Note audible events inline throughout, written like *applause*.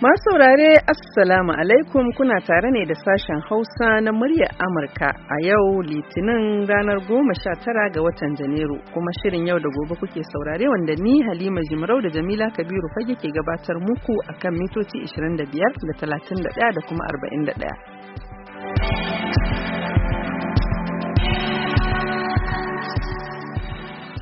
Masu saurare Assalamu alaikum kuna tare ne da sashen Hausa na muryar Amurka a yau Litinin ranar goma sha tara ga watan Janairu kuma shirin yau da gobe kuke saurare wanda ni Halima Jimrau da Jamila Kabiru fage ke gabatar muku akan mitoci 25 da 31 da kuma 41.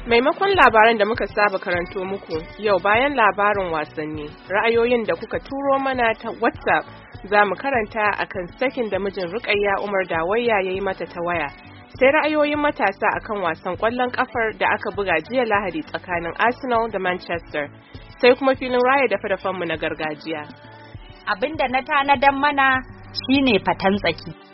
Maimakon labaran da muka saba karanto muku yau bayan labarin wasanni, ra'ayoyin da kuka turo mana ta WhatsApp za mu karanta a kan sakin da mijin Rukayya Umar Dawayya ya yi mata ta waya. Sai ra'ayoyin matasa a kan wasan ƙwallon ƙafar da aka buga jiya Lahadi tsakanin Arsenal da Manchester. Sai kuma filin raya da fadafanmu na gargajiya. Abin da na tanadan mana shine fatan tsaki.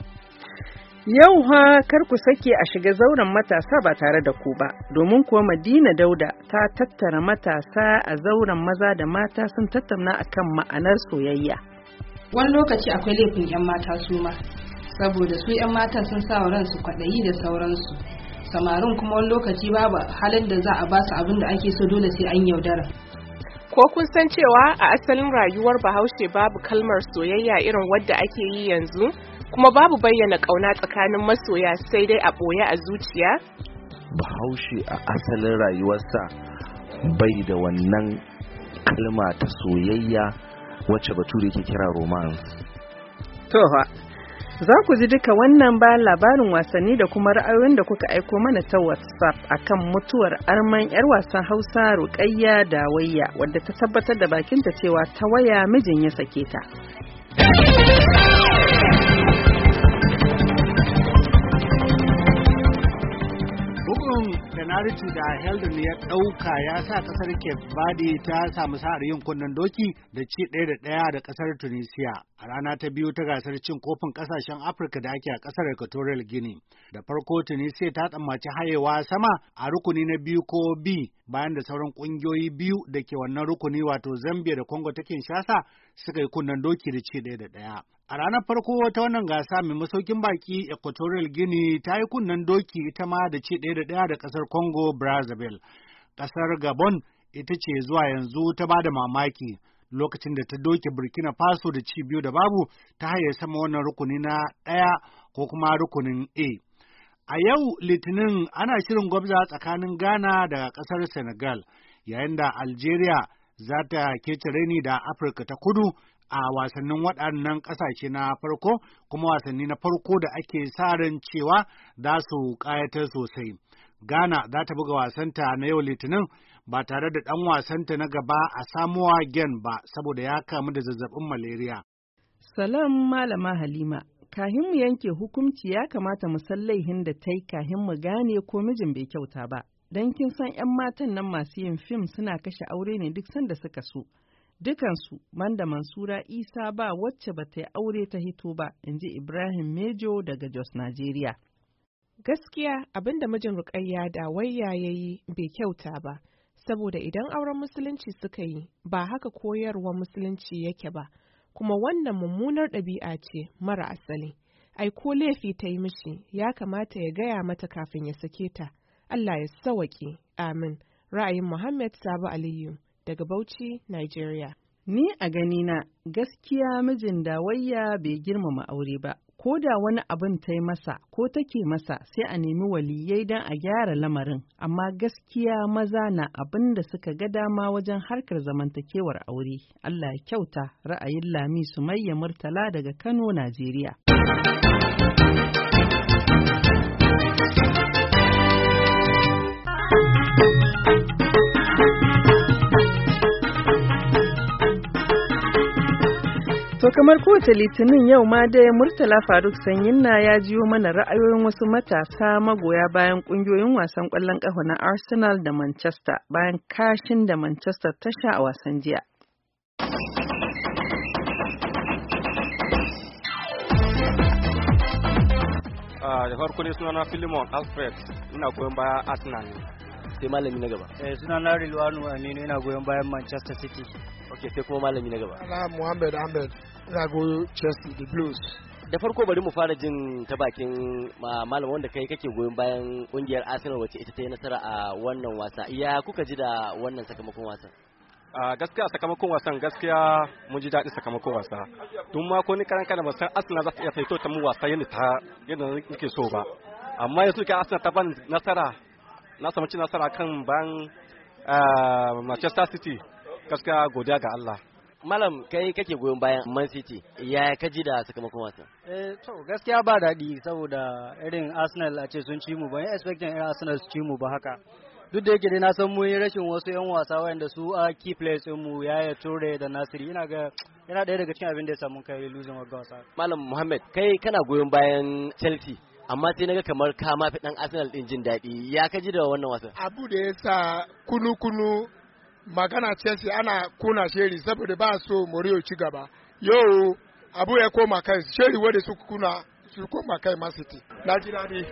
Yau ha kar ku sake a shiga zauren matasa ba tare da ku ba, domin kuwa Madina Dauda ta tattara matasa a zauren maza da mata sun tattauna akan ma'anar soyayya. Wani lokaci akwai laifin 'yan mata su ma, saboda su 'yan mata sun sa ransu kwaɗayi da sauransu. Samarin kuma wani lokaci babu halin da za a ba su abin da ake so dole sai an yaudara. Ko kun san cewa a asalin rayuwar Bahaushe babu kalmar soyayya irin wadda ake yi yanzu? kuma babu bayyana ƙauna tsakanin masoya sai dai a ɓoye a zuciya? Bahaushe a asalin rayuwarsa bai da wannan kalma ta soyayya wacce bature ke kira romance. Toha, za ku ji duka wannan ba labarin wasanni da kuma ra'ayoyin da kuka aiko mana ta WhatsApp akan mutuwar arman 'yar wasan Hausa da Dawayya wadda ta tabbatar da bakinta cewa ta waya mijin ya sake ta. fanariti da Heldon ya ɗauka ya sa ƙasar Cape Verde ta samu sa'ar yin kunnen doki da ci ɗaya da ɗaya da ƙasar Tunisia a rana ta biyu ta gasar cin kofin ƙasashen Afirka da ake a ƙasar Equatorial Guinea. Da farko Tunisia ta tsammaci hayewa sama a rukuni na biyu ko bi bayan da sauran ƙungiyoyi biyu da ke wannan rukuni wato Zambia da Congo ta Kinshasa suka yi kunnen doki da ce ɗaya da ɗaya. A ranar farko ta wannan gasa mai masaukin baki Equatorial Guinea ta yi kunnen doki ita ma da ce ɗaya da ɗaya da ƙasar Congo Brazzaville. Ƙasar Gabon ita ce zuwa yanzu ta ba da mamaki lokacin da ta doke Burkina Faso da ci biyu da babu ta haye sama wannan rukuni na ɗaya ko kuma rukunin A. A yau Litinin ana shirin gwabza tsakanin Ghana da ƙasar Senegal, yayin da Algeria za ta ketare ni da Afirka ta kudu a wasannin waɗannan ƙasashe na farko kuma wasanni na farko da ake sa ran cewa za su ƙayatar sosai. Ghana za ta buga wasanta na yau Litinin ba tare da ɗan wasanta na gaba a samuwa gen ba saboda ya kamu da zazzabin malaria. Salam Malama Halima, kahin mu yanke hukunci ya kamata mu san laihin da ta yi kahin mu gane ko mijin bai kyauta ba. don kin san 'yan matan nan masu yin fim suna kashe aure ne duk sanda suka so. Dukansu, Manda Mansura Isa ba wacce ba ta yi aure ta hito ba, in ji Ibrahim Mejo daga Jos, Najeriya. Gaskiya abin da mijin Rukayya da wayya ya yi bai kyauta ba, saboda idan auren musulunci suka yi ba haka koyarwa musulunci yake ba, kuma wannan mummunar ɗabi'a ce mara asali. Ai, ko laifi ta yi mishi ya kamata ya gaya mata kafin ya sake ta. Allah ya sawaki. Amin. Ra'ayin Muhammad Sabu Aliyu daga Bauchi, Nigeria. Ni a ganina gaskiya mijin da wayya bai girmama aure ba, ko da wani abin ta yi masa ko take masa sai a nemi waliyai don a gyara lamarin, amma gaskiya maza na abin da suka ga dama wajen harkar zamantakewar aure. Allah ya kyauta ra'ayin Lami Sumayya Murtala daga Kano, Najeriya. To kamar kowace litinin yau ma dai Murtala Faruk Sanyinna ya jiyo mana ra'ayoyin wasu matasa magoya bayan kungiyoyin wasan ƙwallon kafa na Arsenal da Manchester bayan kashin da Manchester ta sha a wasan jiya. Ah, da farko ne sunana Filimon Alfred ina goyon baya Arsenal ne. Sai malami na gaba. Eh sunana Rilwanu Aminu ina goyon bayan Manchester City. Ok sai kuma malami na gaba. Ala Muhammad Ahmed Rago Chelsea the Blues. Da farko bari mu fara jin ta bakin malamin wanda kai kake goyon bayan kungiyar Arsenal wacce ita ta yi nasara a wannan wasa. Iya kuka ji da wannan sakamakon wasan? a gaskiya sakamakon wasan gaskiya mun ji daɗin sakamakon wasa tun ma ko ni karan kana ba san Arsenal za ta iya fito ta mu wasa yadda ta yadda nake so ba amma yanzu ka Arsenal ta ban nasara na samu ci nasara kan ban eh, Manchester City gaskiya godiya ga Allah Malam kai kake goyon bayan Man City ya ka ji da sakamakon wasan? Eh to gaskiya ba daɗi saboda irin Arsenal a ce sun ci mu ba, expecting irin Arsenal su ci mu ba haka. duk da yake dai na san mun yi rashin wasu yan wasa wanda su a key players din mu ya tore da Nasiri ina ga yana daya daga cikin abin da ya samu kai losing wa wasa Malam Muhammad kai kana goyon bayan Chelsea amma sai naga kamar ka mafi dan Arsenal din jin daɗi ya ka ji da wannan wasan Abu da yasa kunu kunu magana Chelsea ana kuna sheri saboda ba so Mourinho ci gaba yau abu ya koma kai sheri wanda su kuna su koma kai Man City na ji daɗi.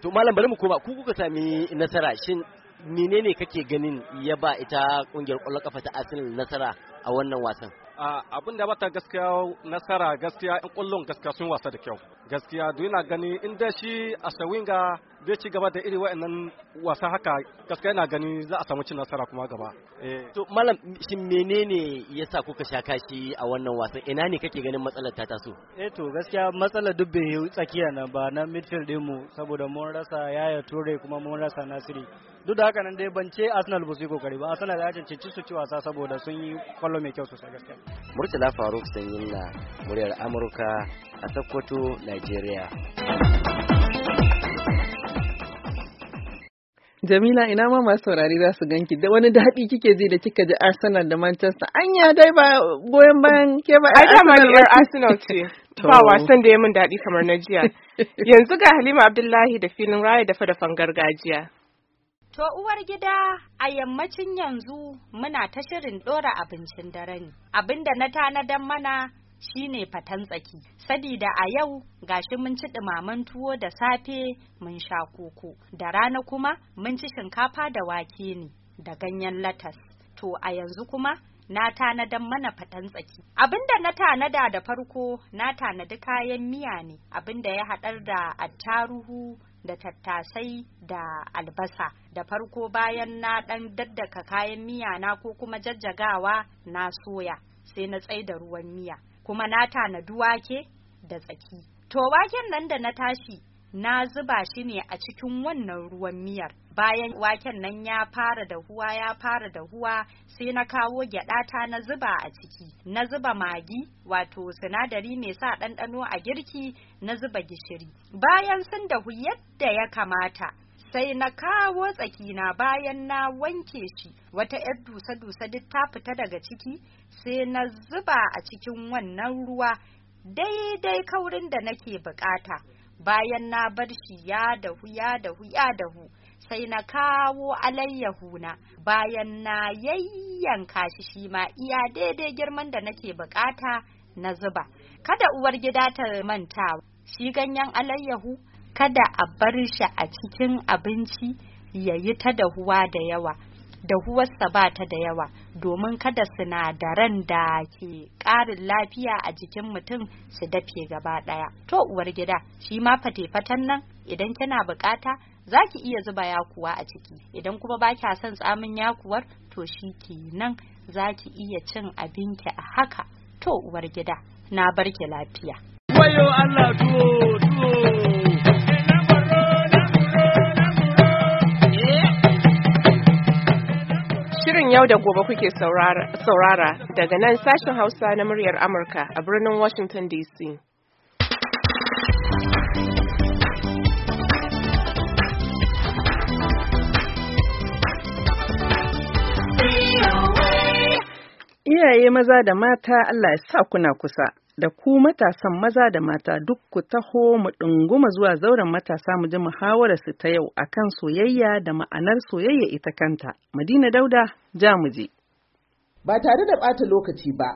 to malam bari mu koma ku kuka sami nasara shin menene kake ganin ya ba ita kungiyar ƙwallon kafa ta Arsenal nasara a wannan wasan abin da bata gaskiya nasara gaskiya in kullum gaskiya sun wasa da kyau gaskiya duk ina gani in da shi a sawinga zai ci gaba da iri wa'annan wasa haka gaskiya ina gani za a samu cin nasara kuma gaba eh. to malam shin menene yasa kuka sha kashi a wannan wasan ina ne kake ganin matsalar ta taso eh to gaskiya matsalar dubbe tsakiya na ba na midfield din mu saboda mun rasa yaya ture kuma mun rasa nasiri duk da haka nan dai ban ce Arsenal ba su yi kokari ba Arsenal ya cancanci su ci wasa saboda sun yi kwallo mai kyau sosai gaskiya Murtala Faruk yi na muryar Amurka a Sokoto Nigeria Jamila ina ma masu saurari za su ganki da wani daɗi kike ji da kika ji Arsenal da Manchester anya dai ba goyon bayan ke ba ai dama diyar Arsenal ce *laughs* ba wasan da ya min daɗi kamar na jiya *laughs* yanzu ga Halima Abdullahi da filin raya da fadafan gargajiya To uwar gida a yammacin yanzu muna ta shirin ɗora abincin dare ne. Abinda na tanadan mana shine fatan tsaki. Sabida a yau ga shi mun ci ɗumamen tuwo da safe mun sha koko. Da rana kuma mun ci shinkafa da wake ne da ganyen latas. To a yanzu kuma na tanadan mana fatan tsaki. da na tanada da farko na tanadi kayan miya ne abin da ya haɗar da attaruhu da tattasai da albasa da farko bayan na ɗan daddaka kayan miya na ko kuma jajjagawa na soya sai na tsai da ruwan miya kuma na tanadi wake da tsaki to waken nan da na tashi na zuba shi ne a cikin wannan ruwan miyar bayan waken nan ya fara dahuwa ya fara dahuwa sai na kawo gyaɗata na zuba a ciki na zuba magi wato sinadari mai sa ɗanɗano a girki na zuba gishiri bayan sun dahu yadda ya kamata sai na kawo tsakina bayan na wanke shi wata 'yar dusa-dusa duk ta fita daga ciki sai na zuba a cikin wannan ruwa daidai kaurin da nake bukata bayan na bar shi ya dahu ya dahu ya dahu sai na kawo alayyahu na bayan na yayyanka shi shi ma iya daidai girman da nake bukata na zuba kada uwar gida ta manta shi ganyen alayyahu kada a bar shi a cikin abinci yayi ta dahuwa da yawa dahuwarsa ba ta da yawa domin kada sinadaran da ke ƙarin lafiya a jikin mutum su dafe gaba ɗaya. To uwar gida shi ma fate-fatan nan idan kina buƙata za ki iya zuba yakuwa a ciki idan kuma ba kya son tsamin yakuwar to shi kenan za ki iya cin abinki a haka to uwar gida na barki lafiya. Wayo Allah tuwo tuwo. Shirin yau da gobe kuke saurara daga nan sashen Hausa na muryar Amurka a birnin Washington DC. Iyaye maza da mata Allah ya sa kuna kusa. da ku matasan maza da mata duk ku taho mu ɗinguma zuwa zauren matasa mu ji muhawarar su ta yau akan soyayya da ma'anar soyayya ita kanta. Madina Dauda, ja mu je. Ba tare da ɓata lokaci ba,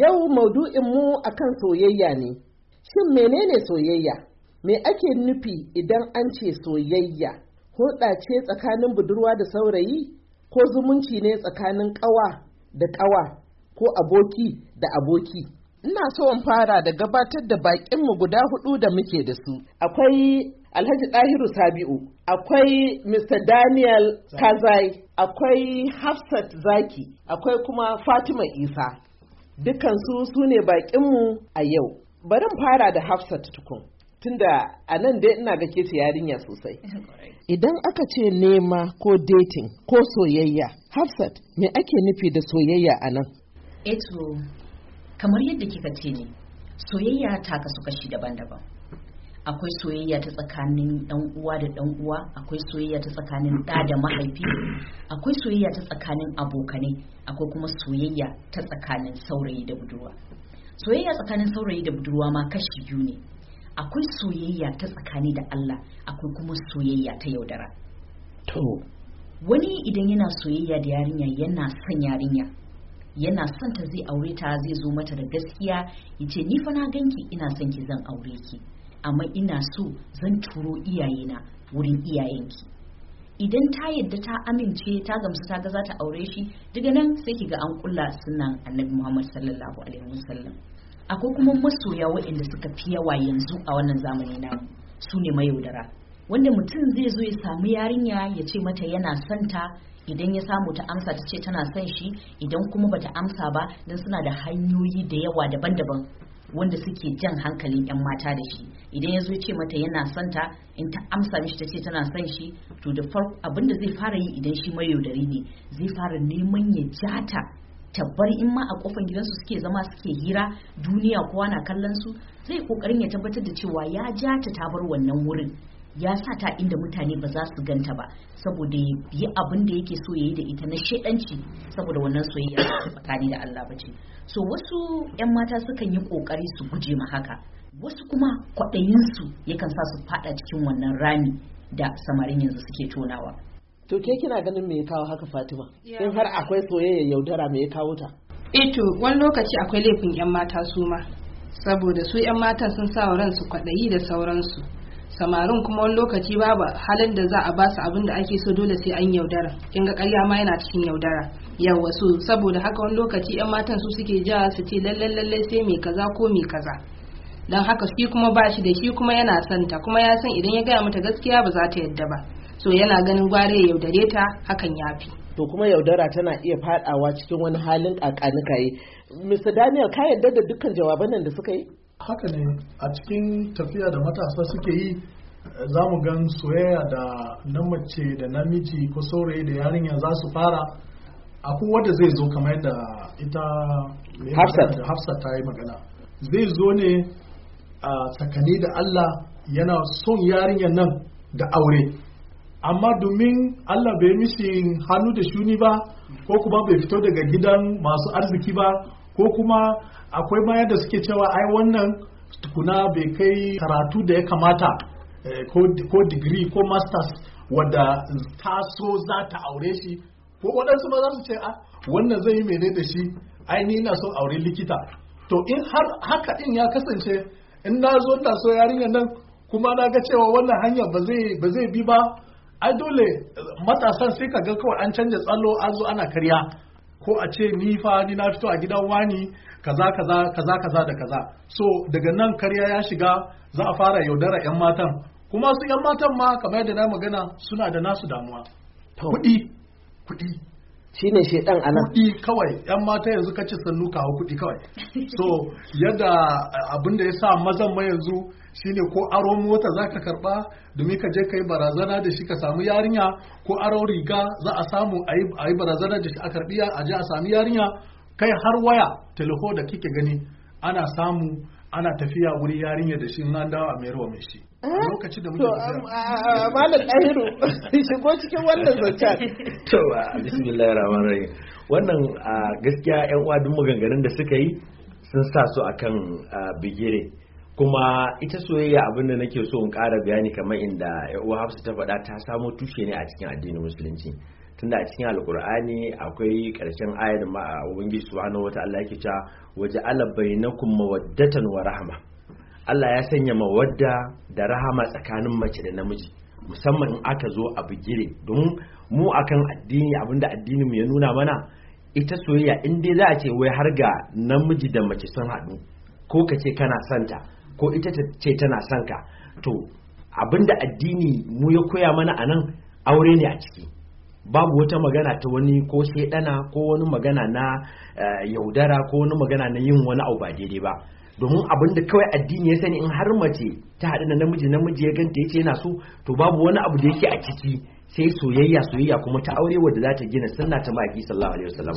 yau maudu'in mu akan soyayya ne. Shin menene soyayya? Me ake nufi idan an ce soyayya? Hulɗa ce tsakanin budurwa da saurayi? Ko zumunci ne tsakanin ƙawa da ƙawa? Ko aboki da aboki? Ina so in fara da gabatar da baƙinmu guda hudu da muke da su. Akwai Alhaji Ɗahiru Sabi'u, akwai Mr. Daniel Kazai, akwai Hafsat Zaki, akwai kuma Fatima Isa. Dukansu su ne baƙinmu a yau. Bari fara da Hafsat tukun. Tunda a nan dai ina ga kece yarinya sosai. *laughs* Idan aka ce nema ko dating ko soyayya, Hafsat me ake nufi da soyayya a nan? Eto, kamar yadda kika ce ne soyayya ta kasu kashi daban-daban akwai soyayya ta tsakanin dan uwa da dan uwa akwai soyayya ta tsakanin da da mahaifi akwai soyayya ta tsakanin abokanai akwai kuma soyayya ta tsakanin saurayi da budurwa soyayya tsakanin saurayi da budurwa ma kashi biyu ne akwai soyayya ta tsakani da Allah akwai kuma soyayya ta yaudara to wani idan yana soyayya da yarinya yana son yarinya yana son ta zai aure ta zai zo mata da gaskiya ya ce ni fa na ganki ina son ki zan aure ki amma ina so zan turo iyayena wurin iyayenki idan ta yadda ta amince ta gamsu ta ga za ta aure shi daga nan sai ki ga an kulla sunan annabi muhammad sallallahu alaihi wasallam akwai kuma masoya waɗanda suka fi yawa yanzu a wannan zamani na su ne mayaudara wanda mutum zai zo ya samu yarinya ya ce mata yana santa idan ya samu ta amsa ta ce tana son shi idan kuma bata amsa ba dan suna da hanyoyi da yawa daban-daban wanda suke jan hankalin 'yan mata da shi idan ya zo ce mata yana son ta in ta amsa mishi ta ce tana son shi to da farko abinda zai fara yi idan shi mai yaudari ne zai fara neman ya jata tabbar in ma a kofar gidansu suke zama suke hira duniya kowa na kallon su zai kokarin ya tabbatar da cewa ya jata ta bar wannan wurin ya sa ta inda mutane ba za su ganta ba saboda yi abin da yake so ya yi da ita na shaidanci saboda wannan soyayya tsakani da Allah bace so wasu yan mata sukan yi ƙoƙari su guje ma haka wasu kuma kwaɗayinsu yakan sa su fada cikin wannan rami da samarin yanzu suke tonawa to ke kina ganin me ya kawo haka Fatima in har akwai soyayya yaudara me ya kawo ta eh to wani lokaci akwai laifin yan mata su ma saboda su yan matan sun sa wa ransu kwaɗayi da sauransu samarin kuma wani lokaci babu halin da za a ba su abin da ake so dole sai an yaudara kin ga ƙarya ma yana cikin yaudara yawa so saboda haka wani lokaci yan matan su suke ja su ce lalle lallai sai mai kaza ko mai kaza dan haka shi kuma ba shi da shi kuma yana son ta kuma ya san idan ya gaya mata gaskiya ba za ta yadda ba so yana ganin gware ya yaudare ta hakan ya fi to kuma yaudara tana iya fadawa cikin wani halin kakanikaye mr daniel ka yarda da dukkan jawaban nan da suka yi haka ne a cikin tafiya da matasa suke yi za mu gan soyayya da na mace da namiji ko saurayi da yarinya za su fara akwai wanda zai zo kamar yadda ita hafsa ta yi magana zai zo ne a tsakani da allah yana son yarinyar nan da aure amma domin allah bai mishi hannu da shuni ba ko kuma bai fito daga gidan masu arziki ba ko kuma akwai ma da suke cewa ai wannan tukuna bai kai karatu da ya kamata eh, ko digiri ko masters wadda taso za ta aure shi ko waɗansu ma za su ce a wannan zai yi mene da shi ai ni na so aure likita to in har haka in ya kasance in na zo na so yarinyar nan kuma na ga cewa wannan hanyar ba zai bi ba ai dole eh, matasan sai ka ga kawai an canja tsalo an zo ana karya ko a ce ni fa ni na fito a gidan wani kaza kaza kaza kaza da kaza so daga nan karya ya shiga za a fara yaudara yan matan kuma su yan matan ma kamar yadda na magana suna da nasu damuwa kuɗi kuɗi Shi ne shi a nan kuɗi kawai yan mata yanzu ka ce sannu hau kuɗi kawai so yadda abin da ya sa mazan ma yanzu shine ko aro mota za ka karɓa domin ka je ka yi barazana da shi ka samu yarinya ko aro riga za a samu a yi barazana da shi a karɓi a je a samu yarinya kai har waya telefo da kike gani ana samu ana tafiya wuri yarinya da shi in an dawo a ruwa mai shi eh? lokaci da muke tafiya um, uh, uh, malam ɗahiru *laughs* shigo cikin wannan zancen *laughs* to uh, bismillahir rahmanir rahim wannan gaskiya yan uwa duk maganganun da suka yi sun sa su akan bigire kuma ita soyayya abin da nake so in ƙara bayani kamar inda uwa hafsa ta faɗa ta samo tushe ne a cikin addinin musulunci tunda a cikin alkur'ani akwai karshen ayar ma a ubangiji wata Allah yake cewa waje ala bainakum mawaddatan wa rahma Allah ya sanya mawadda da rahama tsakanin mace da namiji musamman in aka zo a bigire domin mu akan addini abinda addinin mu ya nuna mana ita soyayya in dai za a ce wai har ga namiji da mace sun haɗu ko ka ce kana santa ko ita ta ce tana son ka to abinda addini mu ya koya mana anan aure ne a ciki babu wata magana ta wani ko shaidana ko wani magana na eh, yaudara ko wani magana na yin wani abu ba daidai ba domin abin da kawai addini ya sani in har mace ta haɗu da namiji namiji ya ganta ya ce yana so to babu wani abu da yake a ciki sai soyayya soyayya kuma ta aure wadda za ta gina sunna ta ma'aiki sallallahu alaihi wasallam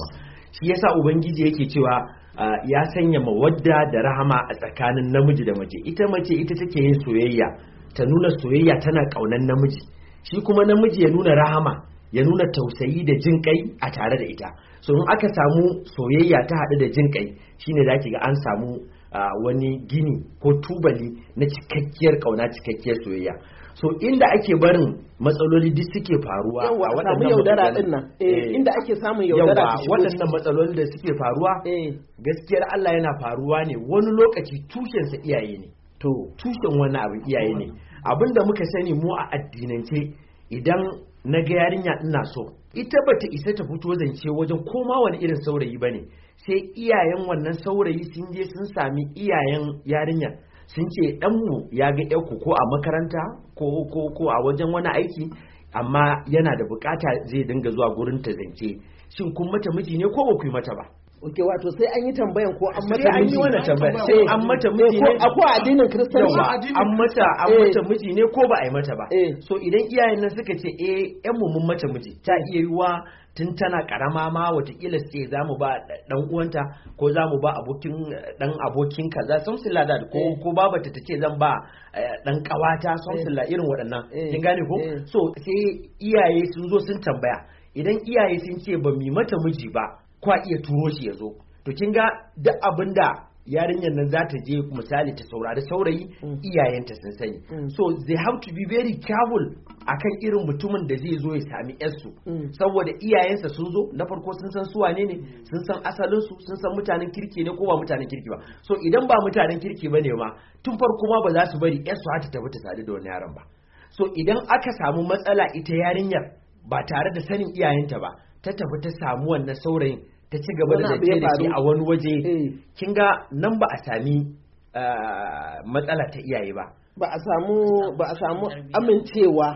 shi yasa ubangiji yake cewa eh, ya sanya mawadda da rahama a tsakanin namiji da mace ita mace ita take yin soyayya ta nuna soyayya tana kaunan namiji shi kuma namiji ya nuna rahama ya nuna tausayi da jin kai a tare da ita so in aka samu soyayya ta haɗu da jin kai shine za ki ga an samu wani gini ko tubali na cikakkiyar kauna cikakkiyar soyayya so inda ake barin matsaloli duk suke faruwa a waɗannan yaudara din nan eh, eh. inda ake samun yaudara waɗannan matsaloli da suke faruwa eh. gaskiyar Allah yana faruwa ne wani lokaci tushensa iyaye ne to tushen wani abu iyaye ne abinda muka sani mu a addinance idan na ga yarinya ina so ita bata isa ta fito zance wajen koma wani irin saurayi ba ne, sai iyayen wannan saurayi sun je sun sami iyayen yarinya sun ce ɗanmu ya ga ku ko a makaranta ko ko ko a wajen wani aiki amma yana da bukata zai dinga zuwa gurin ta zance shin kun mata miji ne ko ba ku yi mata ba ok wato sai an yi tambayan ko an mata miji an yi wannan tambaya sai an mata miji ne ko addinin kristanci an mata an mata eh. miji ne ko ba a yi mata ba eh. so idan iyayen nan suka ce eh yan mu mun mata miji ta iya yiwa tun tana karama ma watakila sai za mu ba dan uwanta ko za mu ba abokin dan abokin kaza something like that ko eh. ko babata ta ce zan ba dan kawata something like irin waɗannan kin gane ko so sai iyaye sun zo sun tambaya idan iyaye sun ce ba mi mata miji ba kwa iya turo shi ya zo to kin ga duk abin da yarinyar nan za ta je misali ta saurari saurayi mm. iyayenta sun sani mm. so they have to be very careful akan irin mutumin da zai zo ya sami yarsu mm. saboda iyayensa sun zo na farko sun san su wane ne sun san asalin su sun san mutanen kirki ne ko ba mutanen kirki ba so idan ba mutanen kirki bane ma tun farko ma ba za su bari yarsu har ta tafi ta sadu da wani yaron ba so idan aka samu matsala ita yarinyar ba tare da sanin iyayenta ba ta tafi ta samu wannan saurayin ta ci gaba da zance da shi a wani waje eh. kin ga nan ba a sami ah, matsala ta iyaye ba ba a samu ba a samu amincewa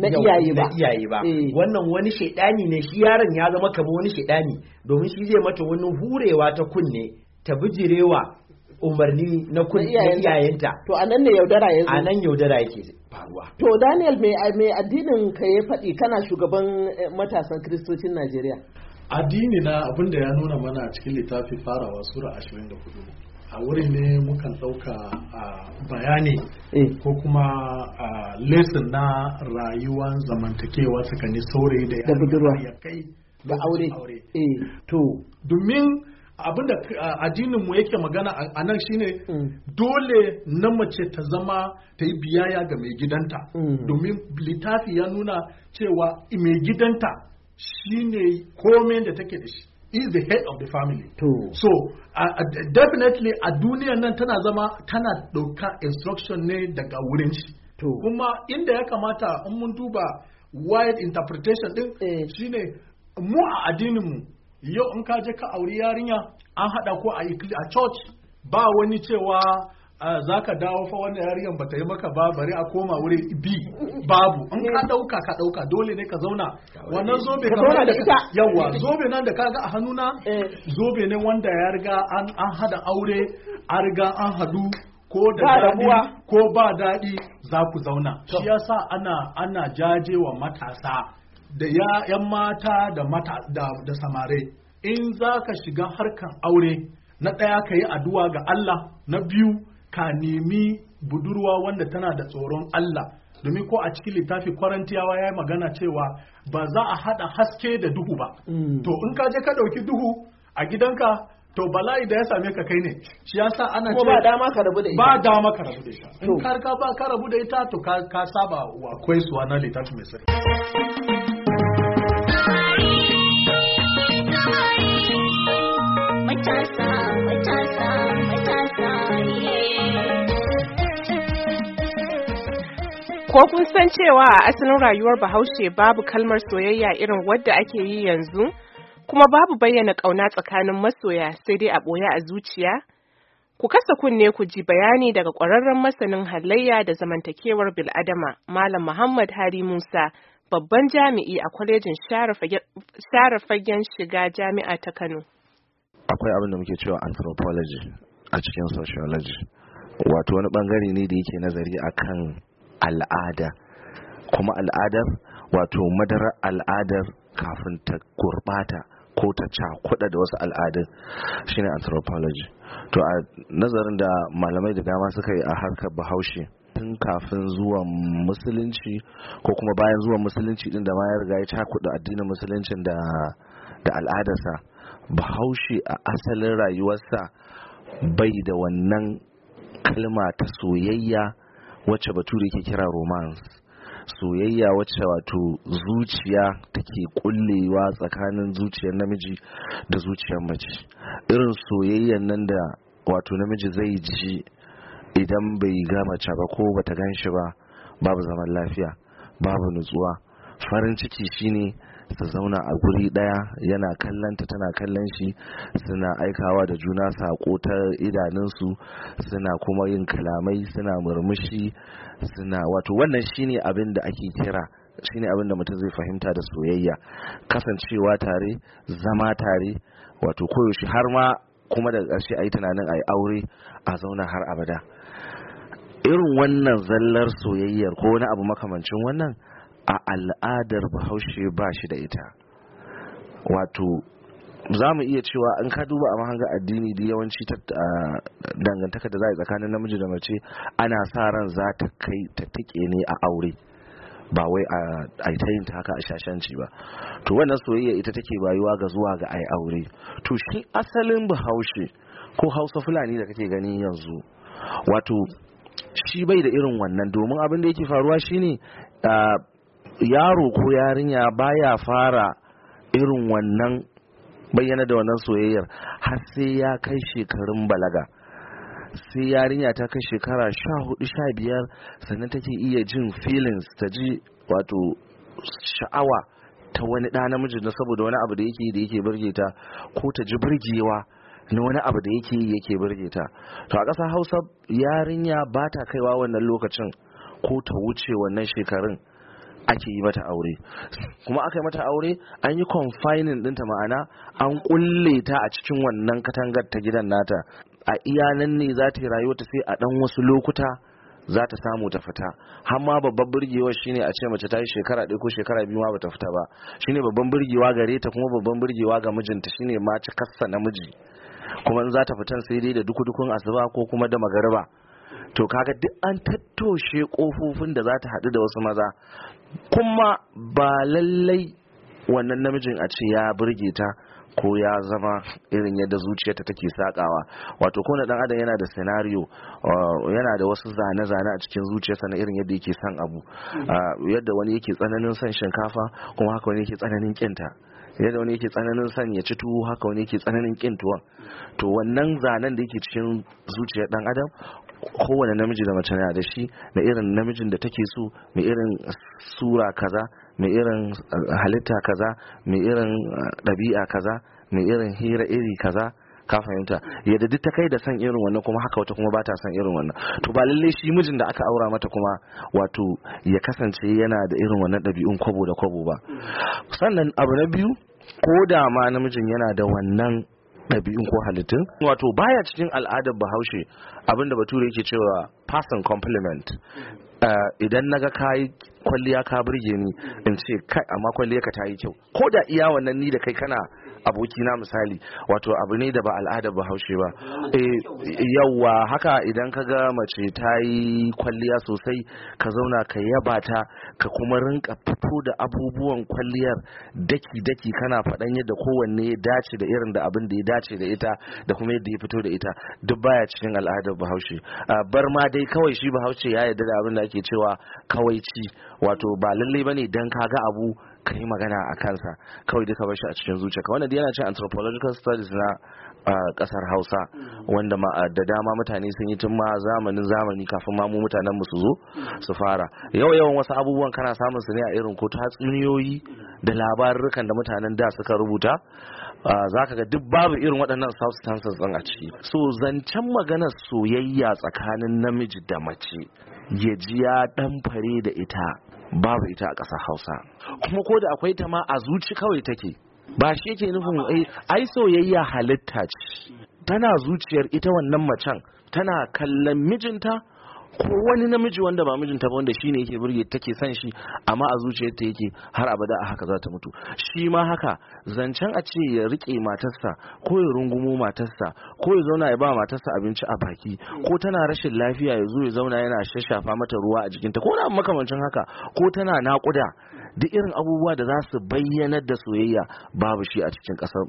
na iyaye ba na iyaye ba eh. wannan wani shedani ne shi yaron ya zama kamar wani shedani domin shi zai mata wani hurewa ta kunne ta bijirewa umarni na kun iyayenta to anan ne yaudara yanzu anan yaudara yake faruwa to Daniel mai addinin ka ya faɗi kana shugaban eh, matasan kristocin Najeriya addini na abinda ya nuna mana a cikin littafi farawa sura 24 a wuri ne mukan ɗauka bayani eh. ko kuma lesson na rayuwar zamantakewa tsakanin saurayi da ya kai da aure eh, to domin abinda addinin mu yake magana a nan shine mm. dole na mace ta zama ta yi biyaya ga mai gidanta mm. domin littafi ya nuna cewa mai gidanta Shi ne komai da take da shi is the head of the family. True. So uh, uh, definitely a duniyar nan tana zama tana ɗauka instruction ne daga wurin shi. Kuma inda ya kamata in mun duba wide interpretation din eh. shine mu a addinin mu yau in ka je ka auri yarinya an haɗa ko a church ba wani cewa za ka dawo fa wannan yariyan ba ta yi maka ba bari a koma wuri bi babu in ka dauka eh. ka dauka dole ne ka zauna wannan zobe ka zauna da ita yawa zobe nan da kaga a hannuna eh. zobe ne wanda ya riga an hada aure a riga an hadu ko da daɗi ko ba daɗi za ku zauna shi yasa ana ana wa matasa da ya yan mata da mata da, da samare in za ka shiga harkan aure na ɗaya ka yi addu'a ga Allah na biyu ka nemi budurwa wanda tana da tsoron Allah domin ko a cikin littafi kwarantiyawa ya yi magana cewa ba za a haɗa haske da duhu ba mm. to in ka je ka ɗauki duhu a gidanka to bala'i da ya same ka kai ne shi ya sa ana ce ba dama ka rabu da ita ba dama ka rabu da ita in ka ba ka rabu da ita to ka saba wa kwai suwa na littafi mai sarki Ko kun san cewa a asalin rayuwar Bahaushe babu kalmar soyayya irin wadda ake yi yanzu, kuma babu bayyana ƙauna tsakanin masoya sai dai a ɓoye a zuciya? Ku kasa kunne ku ji bayani daga ƙwararren masanin halayya da zamantakewar bil'adama, Malam Muhammad Hari Musa, babban jami'i a kwalejin share fagen shiga jami'a ta Kano. Akwai abin da muke cewa anthropology a cikin sociology. Wato wani bangare ne da yake nazari akan al'ada kuma al'adar wato madarar al'adar kafin ta gurbata ko ta cakuɗa da wasu al'adun shine anthropology to a nazarin da malamai da dama suka yi a harkar bahaushe tun kafin zuwan musulunci ko kuma bayan zuwan musulunci din da ma ya riga ya cakuɗa addinin musuluncin da da al'adarsa bahaushe a asalin rayuwarsa bai da wannan kalma ta soyayya wacce bature ke kira romance soyayya wacce wato zuciya take kullewa tsakanin zuciyar namiji da zuciyar mace irin soyayyan nan da wato namiji zai ji idan bai ga mace ba ko bata gan shi ba babu zaman lafiya babu nutsuwa farin ciki shine su zauna a guri ɗaya yana ta tana kallon shi suna aikawa da juna saƙo ta idanunsu suna kuma yin kalamai suna murmushi suna wato wannan shine abin da ake kira shine abin da mutum zai fahimta da soyayya kasancewa tare zama tare wato koyaushe har ma kuma daga ƙarshe a yi tunanin a yi aure a zauna har abada irin wannan zallar soyayyar ko wani abu makamancin wannan a al'adar bahaushe ba shi da ita wato za mu iya cewa an ka duba a mahanga addini da yawanci dangantaka da za a tsakanin namiji da mace ana sa ran za ta kai ta tike ne a aure ba wai a ta yin ta haka a shashanci ba to wannan soyayya ita take bayuwa ga zuwa ga ai aure to shi asalin bahaushe ko hausa fulani da kake gani yanzu wato shi bai da irin wannan domin abin da yake faruwa shine yaro ko yarinya baya fara irin wannan bayyana da wannan soyayyar har sai ya kai shekarun balaga sai yarinya ta kai shekara sha hudu sha biyar sannan take iya jin feelings ta ji wato sha'awa ta wani ɗa namiji na saboda wani abu da yake da yake birge ta ko ta ji birgewa na wani abu da yake yake birge ta to a ƙasar hausa yarinya ba ta kaiwa wannan lokacin ko ta wuce wannan shekarun ake yi mata aure kuma aka yi mata aure an yi confining dinta ma'ana an kulle ta a cikin wannan katangar ta gidan nata a iyanan ne za ta yi ta sai a dan wasu lokuta za ta samu ta fita har ma babban burgewa shine a ce mace ta yi shekara ɗaya ko shekara biyu ma bata fita ba shine babban burgewa gare ta kuma babban burgewa ga mijinta shine ma kassa namiji kuma in za ta fitan sai dai da duku-dukun asuba ko kuma da magariba to kaga duk an tattoshe kofofin da za ta haɗu da wasu maza kuma ba lallai wannan namijin a ce ya burge ta ko ya zama irin yadda zuciyarta take sakawa wato ko na dan adam yana da scenario uh, yana da wasu zane-zane a cikin zuciyarsa na irin yadda yake son abu uh, yadda wani yake tsananin son shinkafa kuma haka wani yake tsananin kinta yadda wani yake tsananin son ya ci tuwo haka wani yake tsananin kin tuwon to wannan zanen da yake cikin zuciyar dan adam kowane namiji da mace na da shi na irin namijin da take so mai irin sura kaza mai irin eh, halitta kaza mai irin eh, ɗabi'a kaza mai irin hira iri kaza ka fahimta yadda duk ta kai da san irin wannan kuma haka wata kuma ba ta san irin wannan to ba lalle shi mijin da aka aura mata kuma wato ya kasance yana da irin wannan ɗabi'un kwabo da kwabo ba sannan abu na biyu ko da ma namijin yana da wannan ɗabi'un ko halittun wato baya cikin al'adar bahaushe abinda bature yake cewa pass and compliment eh, idan naga kayi kwalliya ka burge ni in ce kai amma kwalliya ka ta yi kyau ko da iya wannan ni da kai kana abokina misali wato abu ne da ba al'ada bahaushe ba eh, yawwa haka idan ka ga mace ta yi kwalliya sosai ka zauna ka yaba ta ka kuma rinka fito da abubuwan kwalliyar daki-daki kana faɗan yadda kowanne ya dace da irin da abin da ya dace da ita da kuma yadda ya fito da ita duk baya cikin al'adar bahaushe ah, bar ma dai kawai shi bahaushe ya yarda da abin da ake cewa kawaici wato ba lallai bane dan ga abu ka yi magana a kansa kawai duka bashi a cikin zuciya dai yana cin anthropological studies na kasar hausa wanda da dama mutane sun yi tun ma zamanin zamani kafin ma mu mutanen mu su zo su fara yau yawan wasu abubuwan kana samun su ne a irin ko tatsuniyoyi da labarukan da mutanen da suka rubuta zaka ga duk babu irin waɗannan substances din a ciki so zancen maganar soyayya tsakanin namiji da mace ya ji ya ɗan fare da ita babu ita a ƙasar hausa kuma ko da akwai ta ma a zuci kawai take ba shi yake nufin eh, ai soyayya halitta ce tana zuciyar ita wannan macen tana kallon mijinta ko wani namiji wanda ba mijinta ba wanda shine yake burge take son shi amma a zuciyarta yake har abada a haka za ta mutu shi ma haka zancen a ce ya rike matarsa ko ya rungumo matarsa ko ya zauna ya ba matarsa abinci a baki ko tana rashin lafiya ya zo ya zauna yana shashafa mata ruwa a jikinta ko na makamancin haka ko tana naƙuda duk irin abubuwa da za su bayyanar da soyayya babu shi a cikin kasar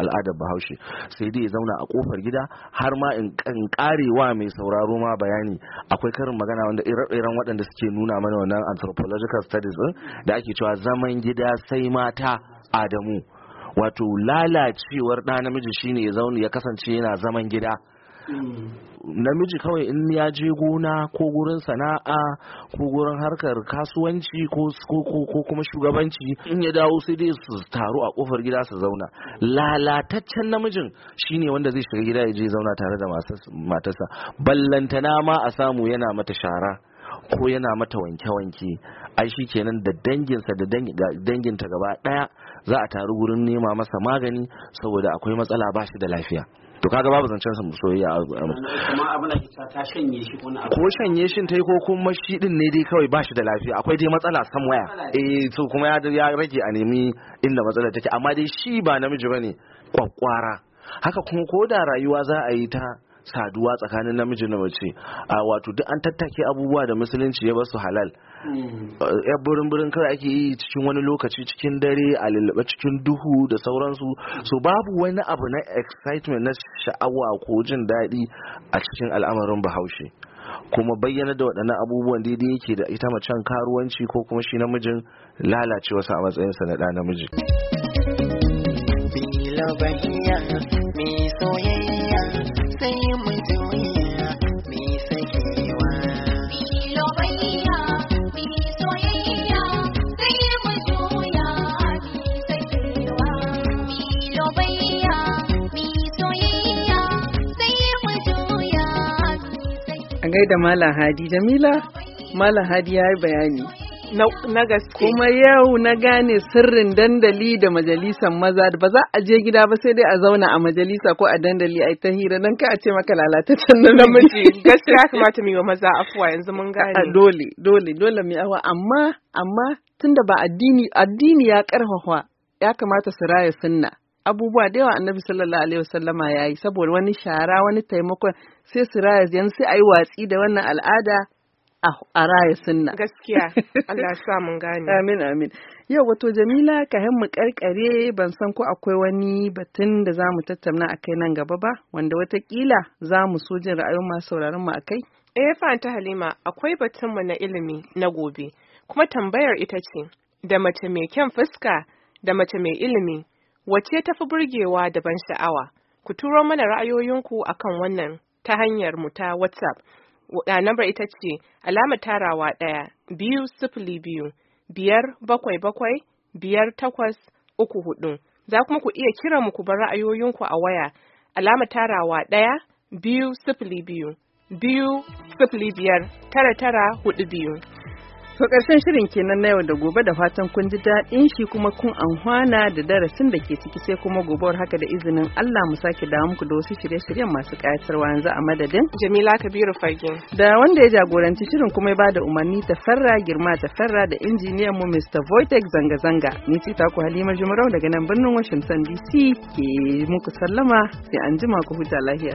al'adar bahaushe sai dai ya zauna a kofar gida har ma in karewa mai sauraro ma bayani akwai karin magana wanda ire-iren waɗanda suke nuna mana wannan anthropological studies din da ake cewa zaman gida sai mata adamu wato lalacewar ɗa namiji shine ya zauna ya kasance yana zaman gida namiji kawai in ya je gona ko gurin sana'a ko gurin harkar kasuwanci ko kuma shugabanci in ya dawo sai dai su taru a kofar gida su zauna lalataccen namijin shine wanda zai shiga gida ya je zauna tare da matarsa ballantana ma a samu yana mata shara ko yana mata wanke-wanke ai shi kenan da danginsa da danginta gaba daya za a taru gurin nema masa magani saboda akwai matsala ba shi da lafiya to kaga babu zancen sa soyayya a kuma abin da ta shanye shi ko na ko shanye shin tai ko kuma shi din ne dai kawai ba shi da lafiya akwai dai matsala waya eh to kuma ya rage a nemi inda matsalar take amma dai shi ba namiji bane kwakwara haka kuma ko da rayuwa za a yi ta saduwa tsakanin namiji da mace a wato duk an tattake abubuwa da musulunci ya basu halal mm. yan burin burin kawai ake yi cikin wani lokaci cikin dare a lullube cikin duhu da sauransu so babu wani abu na excitement na sha'awa ko jin daɗi a cikin al'amarin bahaushe kuma bayyana da waɗannan abubuwan daidai yake da ita macen karuwanci ko kuma shi namijin lalace wasu a matsayinsa na ɗa namiji. gaida Malam Hadi Jamila Malam Hadi ya yi bayani na gaske kuma yau na gane sirrin dandali da majalisar maza ba za a je gida ba sai dai a zauna a majalisa ko a dandali a ta hira don ka a ce maka lalata na namiji gaskiya kamata mu yi wa maza afuwa yanzu mun gane dole dole dole mu awa amma amma tunda ba addini addini ya karfafa ya kamata su raya sunna abubuwa da yawa annabi sallallahu alaihi wasallama ya yi saboda wani shara wani taimakon sai su raya yanzu sai a yi watsi da wannan al'ada a raya sunna gaskiya *laughs* Allah sa mun gane amin amin yau wato Jamila ka mu karkare ban san ko akwai wani batun da za mu tattauna akai nan gaba ba wanda watakila za mu so jin ra'ayoyin masu sauraron mu akai eh fa Halima akwai batun mu na ilimi na gobe kuma tambayar ita ce da mace mai kyan fuska da mace mai ilimi Wace tafi burgewa da ban sha'awa? Ku turo mana ra'ayoyinku akan wannan ta hanyar mu ta WhatsApp. Da lambar ita ce alamar tarawa ɗaya biyu sifili biyu biyar bakwai bakwai biyar takwas uku hudu. Za kuma ku iya kira mu ku bar ra'ayoyinku a waya alamar tarawa ɗaya biyu sifili biyu biyu sifili biyar tara tara hudu biyu. To ƙarshen shirin kenan na yau da gobe da fatan kun ji daɗin shi kuma kun anhwana da darasin da ke ciki sai kuma gobar haka da izinin Allah mu sake dawo muku da wasu shirye-shiryen masu ƙayatarwa yanzu a madadin. Jamila Kabiru Fage. Da wanda ya jagoranci shirin kuma ya bada umarni ta farra girma ta farra da injiniyan mu Mr. Voitex zanga-zanga. Ni ce ta ku Halima Jumarau daga nan birnin Washington DC ke muku sallama sai an jima ku huta lahiya.